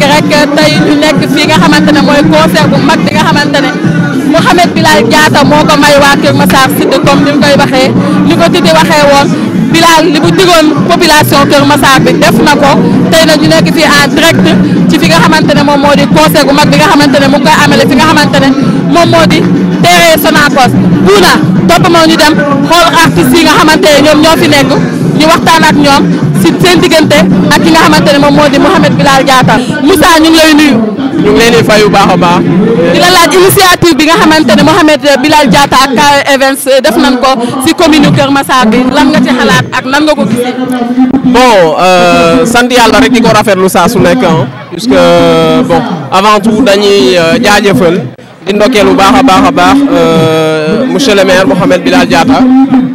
fekk rek tey ñu nekk fii nga xamante ne mooy concert bu mag bi nga xamante ne Mouhamed Bilal Diatta moo ko may waa Kër Massar Sud comme ni mu koy waxee ni ko Titi waxee woon Bilal li bu digoon population Kër Massar bi def na ko tey nag ñu nekk fii direct ci fi nga xamante ne moom moo di concert bu mag bi nga xamante ne mu ngi koy amale moom moo di terrain Sonacos buuna topp ñu dem xool artistes yi nga xamante ñoom ñoo fi nekk ñu waxtaan ak ñoom. si seen diggante ak ki nga xamante moom moo di Mouhamed Bilal Diatta Moussa ñu ngi lay nuyu. ñu ngi leen fay bu baax a baax. di la laaj initiative bi nga xamante ne Mouhamed Bilal Diatta ak Kawe Events eh, def nañ ko si commune ma Massar bi lan nga ci xalaat ak nan nga ko gisee. bon euh, sant yàlla rek di ko rafetlu saa su nekk ah. puisque euh, bon avant tout dañuy euh, jaajëfal. di ndokkeel bu baax a baax a baax monsieur le maire Mouhamed Bilal Diatta.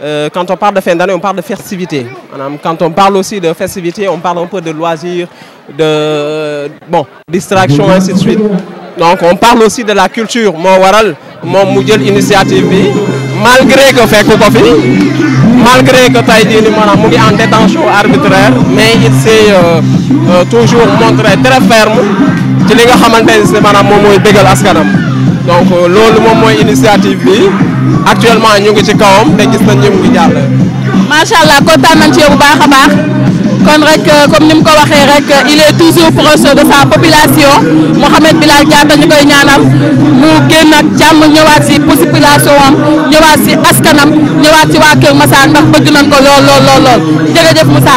Euh, quand on parle de fin d'année, on parle de festivité. Quand on parle aussi de festivité, on parle un peu de loisirs, de bon, distraction, ainsi de suite. Donc on parle aussi de la culture. Mon waral, mon initiative, malgré que fait malgré que Taïdi est en détention arbitraire, mais il s'est euh, euh, toujours montré très ferme. Je donc loolu moom mooy initiative bi actuellement ñu ngi ci kawam te gis nañ ñu ngi jàll. macha allah kontaan nañ ci yow bu baax a baax. kon rek euh, comme ni mu ko waxee rek euh, il est toujours proche de sa population Mouhamed Bilal Diatta ñu koy ñaanal mu génn ak jàmm ñëwaat si population ñëwaat si askanam ñëwaat si waa Kër Massar ndax bëgg nañ ko lool lool lool lool jërëjëf Moussa.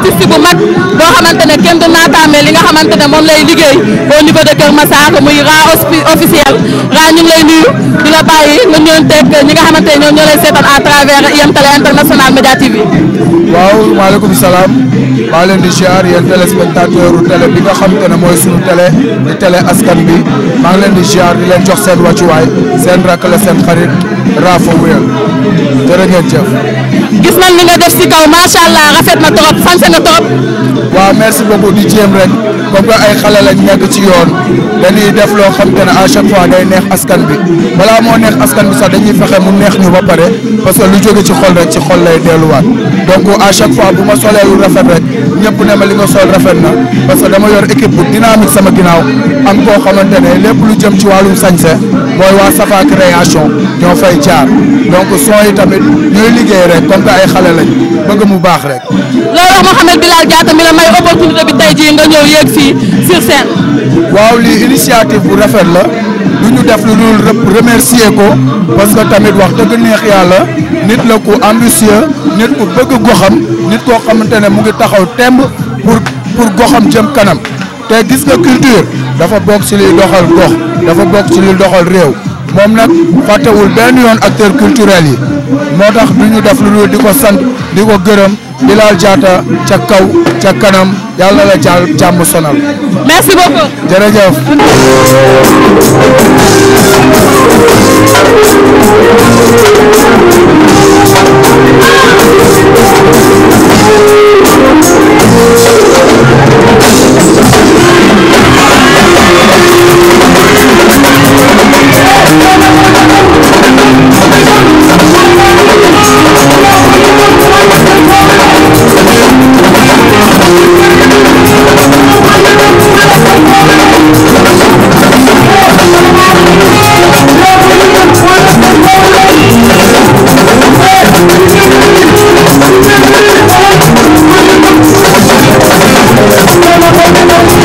artiste bu mag boo xamante ne kenn du naataame li nga xamante ne moom lay liggéey au niveau de Kër Massar muy Ra officiel Ra ñu ngi lay nuyu di la bàyyi nga ñëw teg ñi nga xamante ne ñoom ñoo lay seetaan à travers IM Télé International Média TV. waaw maaleykum salaam maa leen di ziar yéen téléspectateur télé bi nga xam te ne mooy suñu télé di télé askan bi maa leen di ziar di leen jox seen wàccuwaay seen rakk la seen xarit. Rafa Wuyal jërë ngeen jëf. gis nañ li nga def si kaw macha allah rafet na trop sant nga trop. waaw merci beaucoup di jéem rek comme que ay xale lañ nekk ci yoon dañuy def loo xam te ne à chaque fois day neex askan bi balaa moo neex askan bi sax dañuy fexe mu neex ñu ba pare parce que lu jóge ci xol rek ci xol lay delluwaat donc à chaque fois bu ma soleelu lu rafet rek ñëpp ne ma li nga sol rafet na parce que dama yor équipe bu dynamique sama ginnaaw am koo xamante ne lépp lu jëm ci wàllum sañse mooy caar donc son yi tamit ñooy liggéey rek comme que ay xale lañ bëgg mu baax rek. loolu wax Mouhamed Bilal Diatta mi la may opportunité bi tey jii nga ñëw yéeg fii sur scène. waaw lii initiative bu rafet la du ñu def lu dul remercier ko parce que tamit wax dëgg neex yàlla nit la ku ambitieux nit ku bëgg goxam nit koo xamante ne mu ngi taxaw temb pour pour goxam jëm kanam te gis nga culture dafa bokk ci liy doxal gox dafa bokk ci liy doxal réew. moom nag fàttewul benn yoon acteur culturel yi moo tax du ñu def lu di ko sant di ko gërëm Bilal Diatta ca kaw ca kanam yàlla la jàll sonal. merci beaucoup. Gracias.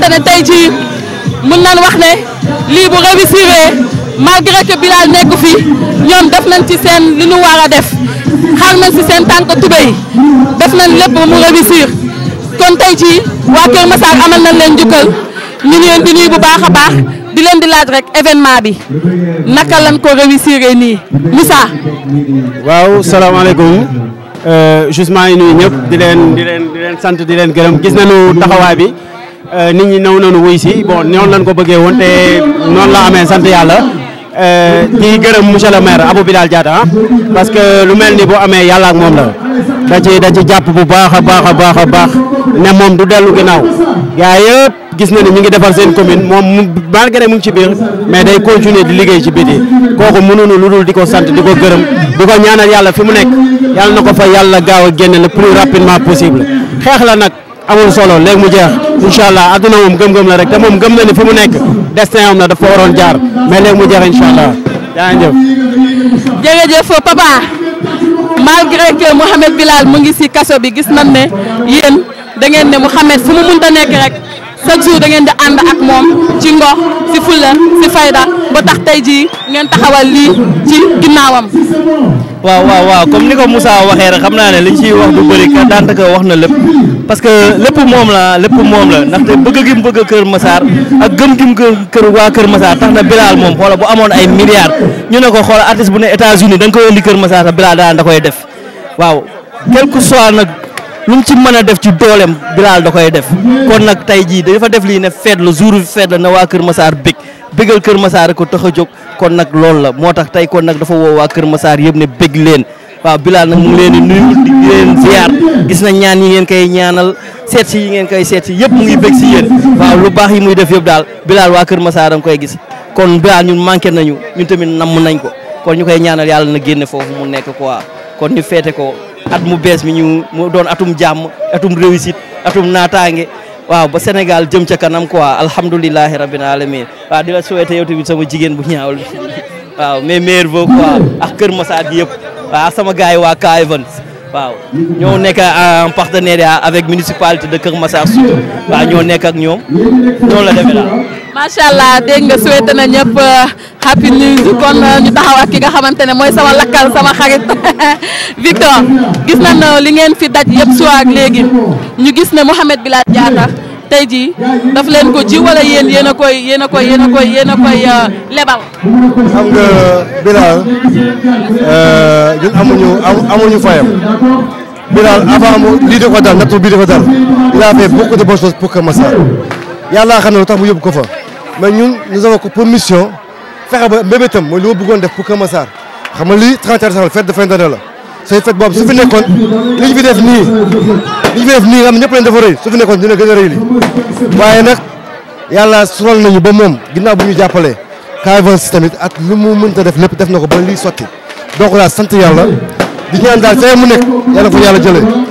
xamante ne tey jii mun nan wax ne lii bu réussir malgré que Bilal nekk fi ñoom def nañ ci seen li ñu war a def xaar nañ ci seen tànk tubéy def nañ lépp mu réussir kon tey jii waa Kër Massar amal nañ leen njukkal ñu ngi di nuyu bu baax a baax di leen di laaj rek événement bi naka lañ ko réussir nii Moussa. waaw salaamaaleykum. Euh, justement maa ngi nuyu di leen di leen di leen sant di leen gërëm gis nañu taxawaay bi. Euh, nit ñi naw ñëw nañu wuy si bon noonu lañ ko bëggee woon te noonu la amee sant yàlla euh, di gërëm monsieur le bi Abou Bilal Diatta ah. parce que lu mel ni boo amee yàlla ak moom la da ci da jàpp bu baax a baax a baax baax ne moom du dellu ginnaaw gaa yëpp gis na ni ñu ngi defar seen commune moom malgré mu ngi ci biir mais day continuer di liggéey ci biti kooku mënuñu lu dul di ko sant di ko gërëm di ko ñaanal yàlla fi mu nekk yàlla na ko fa yàlla gaaw a génne le plus rapidement possible amul solo léegi mu jeex incha allah adduna moom gëm-gëm la rek te moom gëm na ni fi mu nekk destin am na dafa waroon jaar mais léegi mu jeex incha allah jaajëf. jërëjëf papa malgré que Mouhamed Bilal mu ngi si kaso bi gis nañ ne yéen da ne Mouhamed fu mu mënta nekk rek. chaque jour da ngeen di and ak mom ci ngox si fulla si fayda ba tax tay ji ngeen taxawal li ci ginnawam waaw waaw waaw comme niko Moussa waxe rek xamna ne liñ ci wax du bari ka ko wax na lepp parce que lepp mom la lepp mom la te bëgg gi bëgg Kër Massar ak gëm gi mu kër waa Kër Massar tax na Bilal mom xoola bu amone ay milliards ñu ne ko xoola artiste bu ne États-Unis da nga koy indi Kër Massar Bilal daan da koy def waaw quelque soit nak lu mu ci mën a def ci dooleem Bilal da koy def kon nag tey jii dafa def lii ne feet la jour bi feet la na waa Kër Massar bég bégal Kër Massar ko tax a jóg kon nag loolu la moo tax tey kon nag dafa woo waa Kër Massar yëpp ne bég leen waaw Bilal nag mu ngi leen di leen ziar gis na ñaan yi ngeen koy ñaanal seet si yi ngeen koy seet si yëpp mu ngi si yéen waaw lu baax yi muy def yëpp daal Bilal waa Kër Massar am koy gis kon Bilal ñun manqué nañu ñun tamit namm nañ ko kon ñu koy ñaanal yàlla na génne foofu mu nekk quoi ko at mu bees mi ñu doon atum jàmm atum réussite atum naataange waaw ba Sénégal jëm ca kanam quoi alhamdulilahi rabbil alamin waaw di la souhaiter yow tamit sama jigéen bu ñaawul waaw mais meilleur vœu quoi ak Kër Massar gi yëpp waaw sama gars yi waa K Events waaw ñoo nekk en partenariat avec municipalité de Kër surtout waaw ñoo nekk ñoom noonu la demee daal macha allah dégg nga souhaité na ñëpp euh, happy news kon euh, ñu taxaw ak ki nga sama lakkal sama xarit Victor gis nañ euh, li ngeen fi daj yëpp suwa ak léegi ñu gis na Mouhamed Bilal Diatta tey jii daf leen ko ji wala yéen yéen koy koy koy koy lebal. xam nga Bilal ñun amuñu amuñu fayam. Bilal avant lii di ko dal nattu bii di ko dal il a fait beaucoup de bonnes choses pour que Massa. yàllaa xam ne lu tax mu yóbbu ko fa mais ñun nous avons pour mission fexe ba mbébétam mooy li ma bëggoon def pour Kër Massar xam nga lii 31 décembre de fin d'année la say fête boobu su fi ñëpp leen dafa rëy su fi nekkoon dina gën a rëy li waaye nag yàlla sural nañu ba moom ginnaaw bu ñu jàppalee K24 tamit ak lu mu mënta def lépp def na ko ba lii sotti donc daal sant yàlla di ñaan daal fee mu nekk yàlla fa yàlla jëlee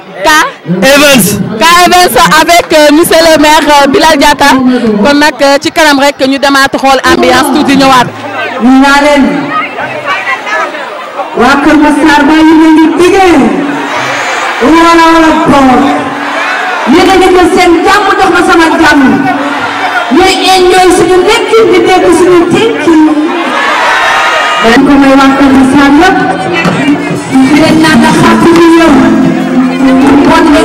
K Evans K Evans avec euh, monsieur le maire euh, Bilal Diatta kon nag euh, ci kanam rek ñu demaat xool ambiance tuuti ñëwaat. ñu naa waa Kër Massar ba ñu leen di diggee wala wala boor yéen a nekk seen jàmm dox ma sama jàmm ñooy enjoy suñu nekkin di dégg suñu tekkin. dañ ko may waa Kër Massar yëpp di what we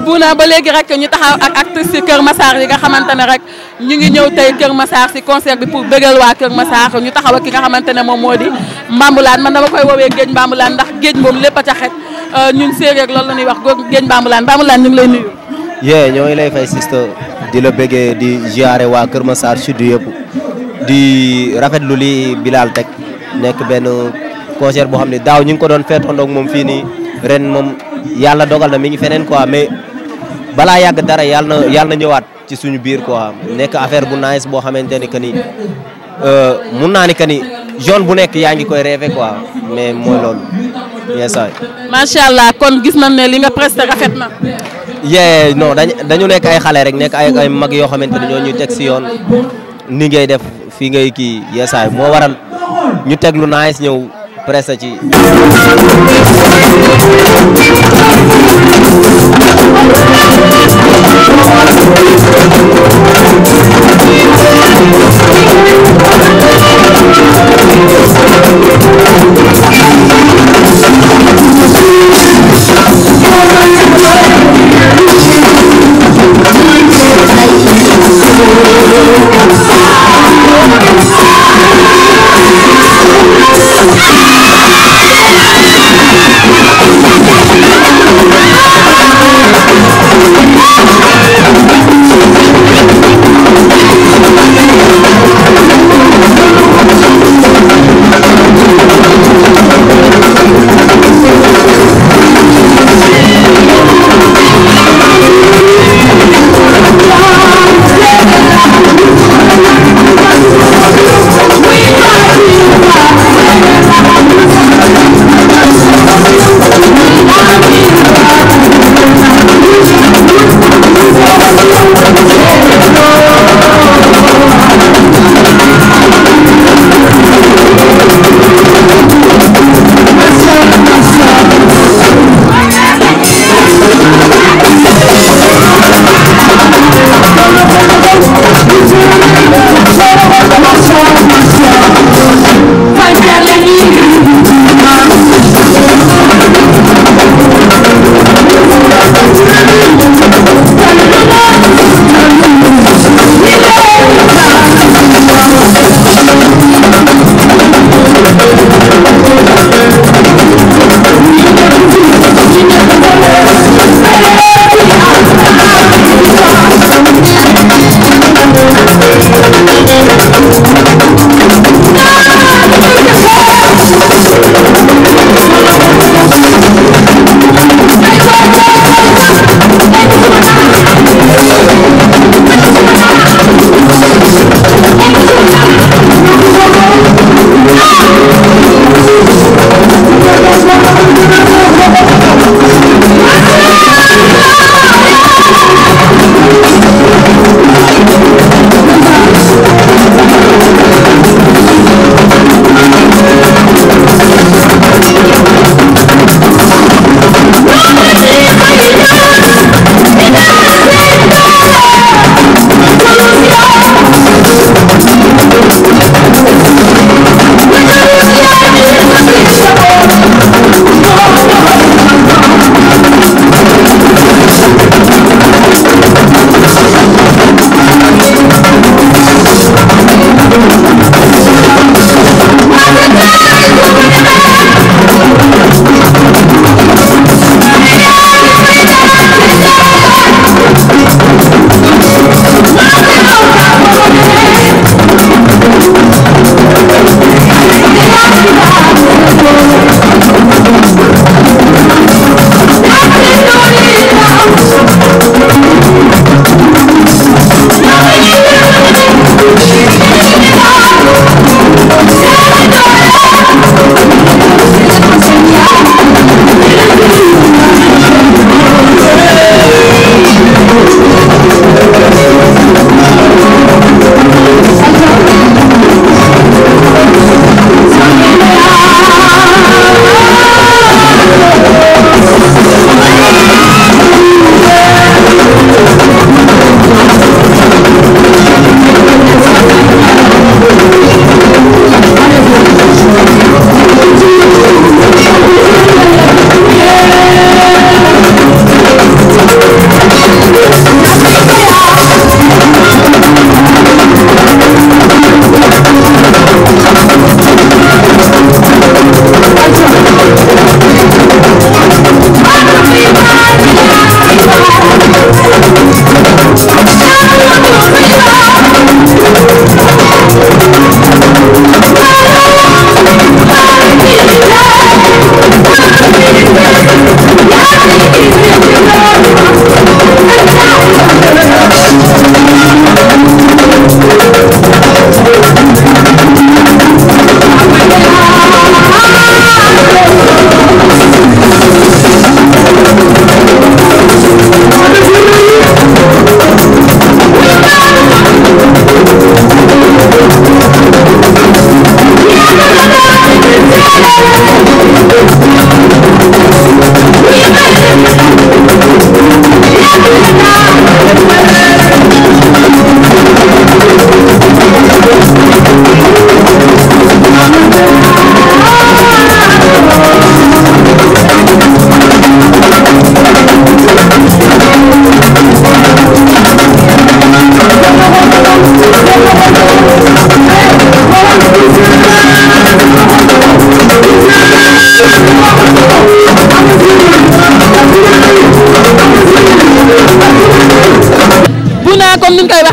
buna ba léegi rek ñu taxaw ak actrice yi Kër Massar yi nga xamantene rek ñu ngi ñew tay Kër Massar si concert bi pour bëggal wa Kër Massar ñu taxaw ak ki nga xamantene mom modi moo di man dama koy wowe géej Mbambulaan ndax géej mom lepp ta xet euh, ñun rek loolu la ñuy wax góor géej Mbambulaan ñu ngi lay nuyu. ye ñoy lay fay sister di la bëggé di ziare wa Kër Massar sud yëpp di rafetlu li Bilal tek nek ben concert bo xamni daw ñu ko doon fétondok mom moom ren mom yàlla dogal na mi ngi feneen quoi mais balaa yàgg dara yàlla na yàlla ñëwaat ci suñu biir quoi nekk affaire bu nice boo xamante ni que ni euh, mun naa ni que ni zone bu nekk yaa ngi koy rêvé quoi mais mooy loolu. macha allah kon gis nañ ne li nga presté rafet na. yee non dañu dañu nekk ay xale rek nekk ay ay mag yoo xamante ni ñoo ñuy teg si yoon ni ngay def fii ngay kii yeesaay moo waral ñu teg lu nice ñëw. por essa de. Thank you.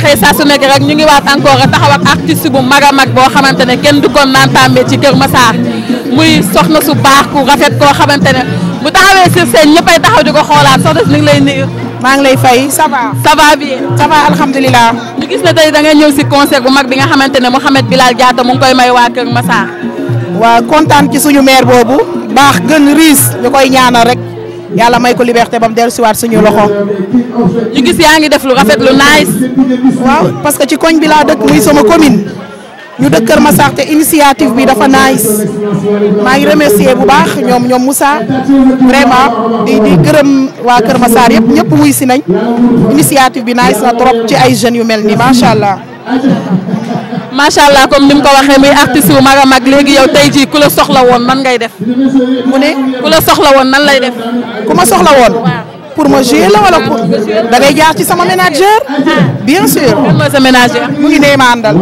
defee saa su nekk rek ñu ngi waat encore taxaw ak artiste bu mag a mag boo xamante ne kenn du ko naan tàmbee ci Kër Massar muy soxna su baax ku rafet koo xamante ne bu taxawee sur scène ñëppay taxaw di ko xoolaat soxna si ñu ngi lay nuyu. maa ngi lay fay ça va. ça va bien. gis ne tey da ngay ñëw si concert bu mag bi nga xamante ne Mouhamed Bilal Diatta mu ngi koy may waa Kër Massar. waaw kontaan ci suñu maire boobu. baax gën riis ñu koy yàlla may ko liberté ba mu dellusiwaat suñu loxo. ñu gis yaa ngi def lu rafet lu nice. waaw parce que ci koñ bi laa dëkk muy sama commune ñu dëkk Kër Massar te initiative bi dafa nice maa ngi remercier bu baax ñoom ñoom Moussa vraiment di di gërëm waa Kër Massar yëpp ñëpp wuy si nañ initiative bi nice na trop ci ay jeunes yu mel nii macha allah. macha allah comme ni mu ko waxee muy artiste wu mag a mag léegi yow tey jii ku la soxla woon man ngay def. mu ne ku la soxla woon nan lay def. ku ma soxla woon. pour ma jouer la wala pour da ngay jaar ci sama ménageur. Ah. bien sûr. kan mu ngi nee ma àndal.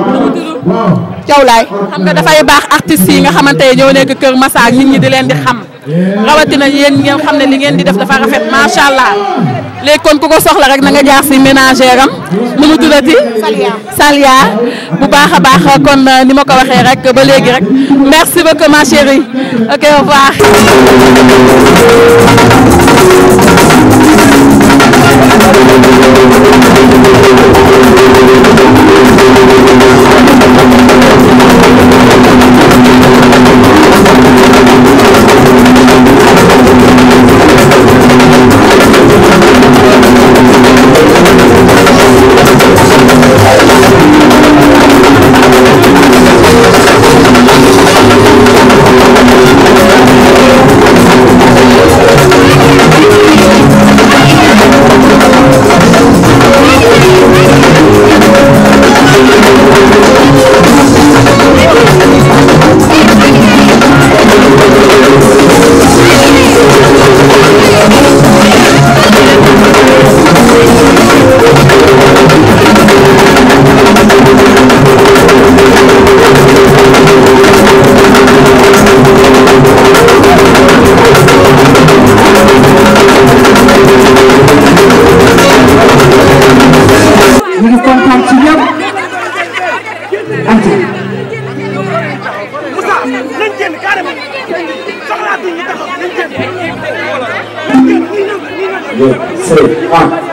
Thiaw Laye. xam nga dafay baax artistes yi nga xamante ne ñoo nekk Kër Massa ak nit ñi di leen di xam. na yeen ngeen xamne li ngeen di def dafa rafet sha allah léegi kon kuko soxla rek na nga jaar ci ménagère mu nu mu Salia Salia bu baakha a baax kon euh, nima ko waxe rek ba léegi rek merci beaucoup ma chérie ok au revoir. Thank you. one.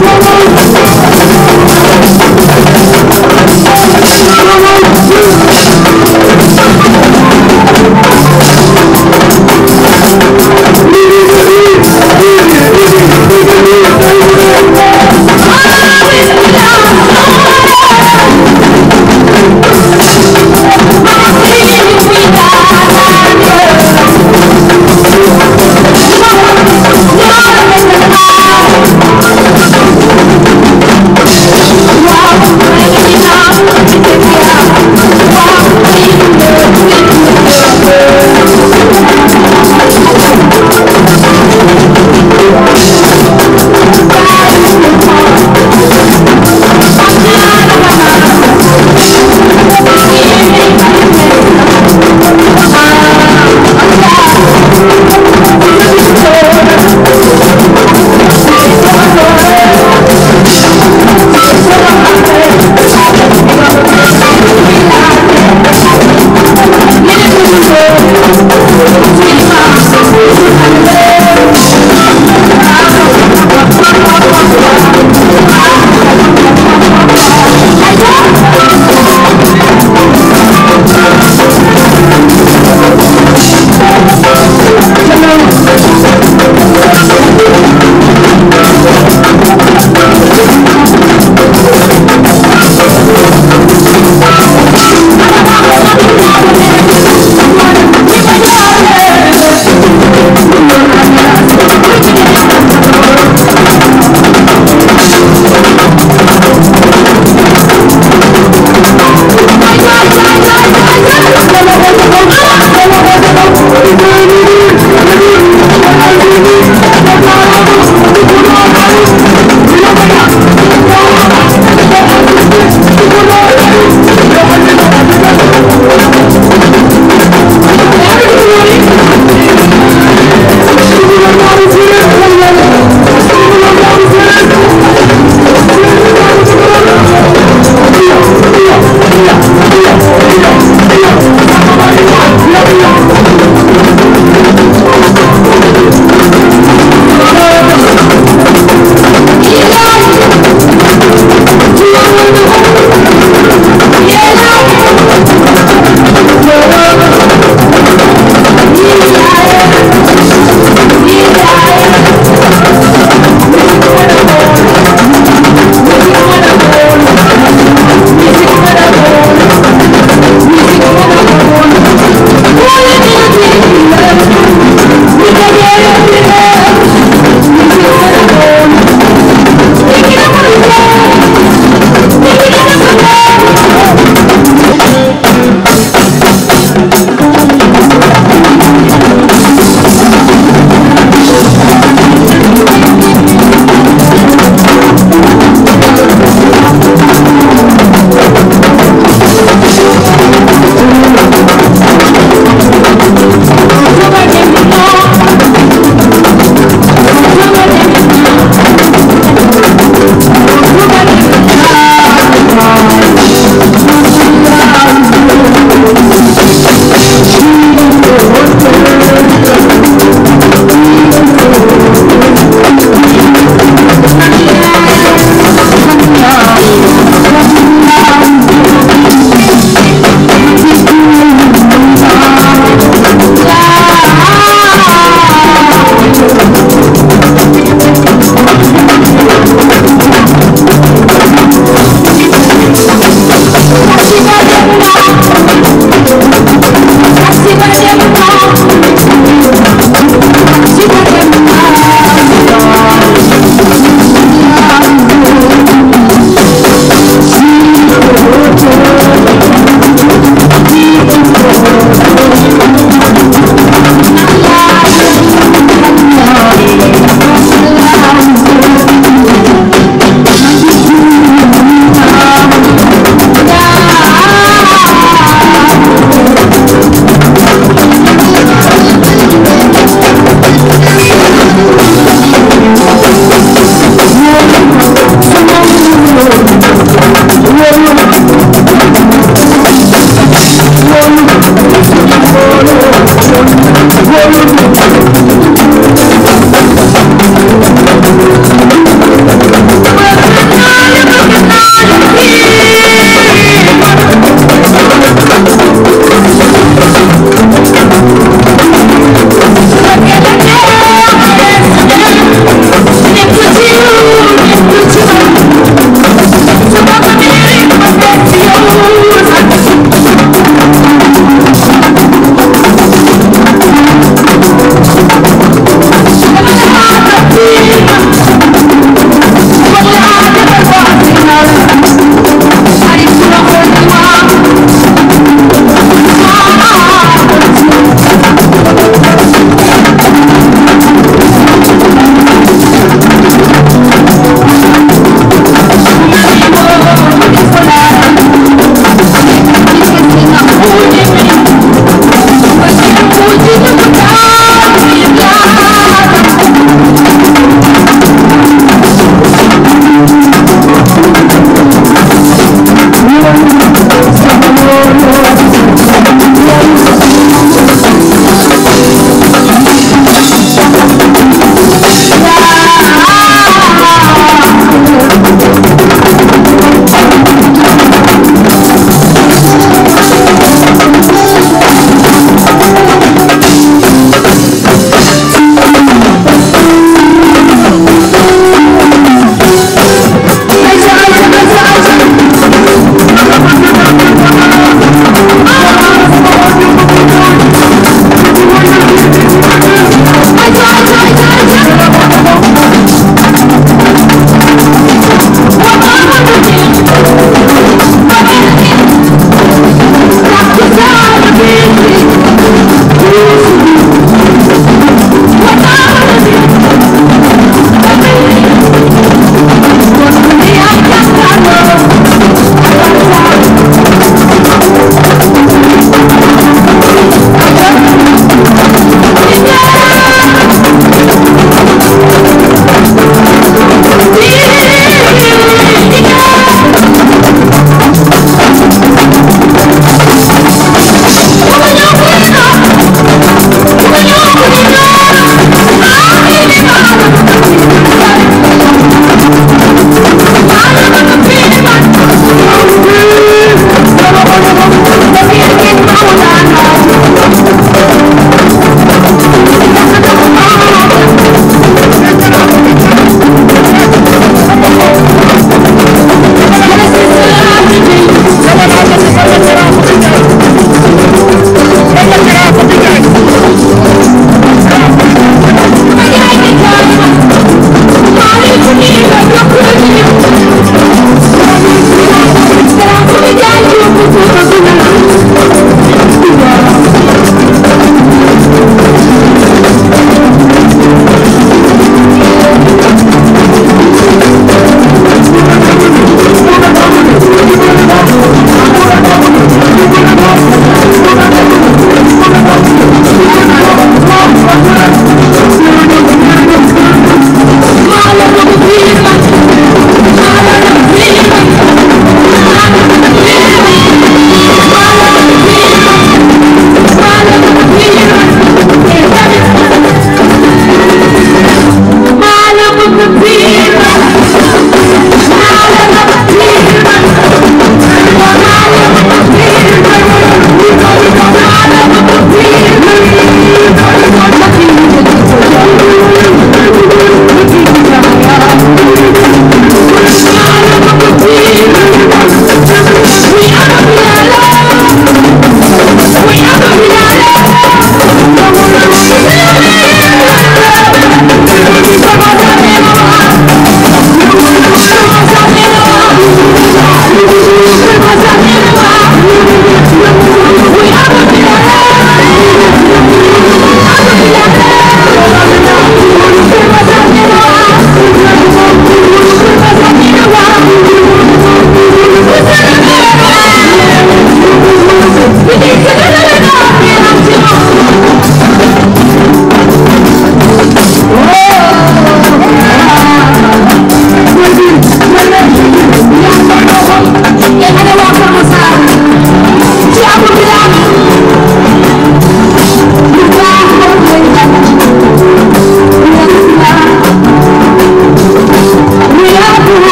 Let's go.